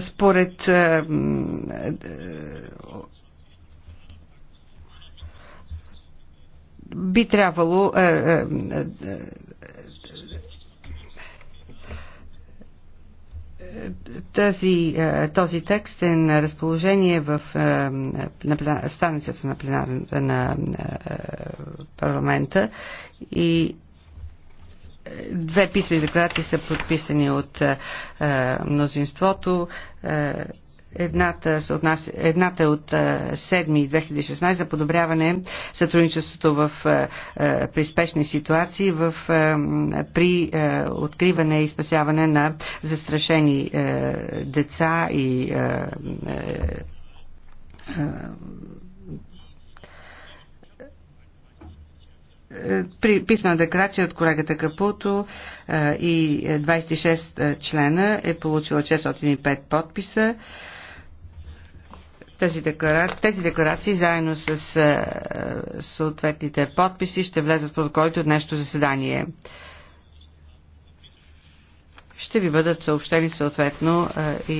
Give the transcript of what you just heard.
според би трябвало тази, този текст е на разположение в на станицата на, пленар, на парламента и Две писмени декларации са подписани от е, е мнозинството. Е, едната, едната е от 7 е, 2016 за подобряване сътрудничеството в, приспешни е, при спешни ситуации в, при откриване и спасяване на застрашени деца и при писмена декларация от колегата Капуто е, и 26 е, члена е получила 605 подписа. Тези декларации, тези декларации заедно с е, съответните подписи ще влезат в протоколите от днешното заседание. Ще ви бъдат съобщени съответно и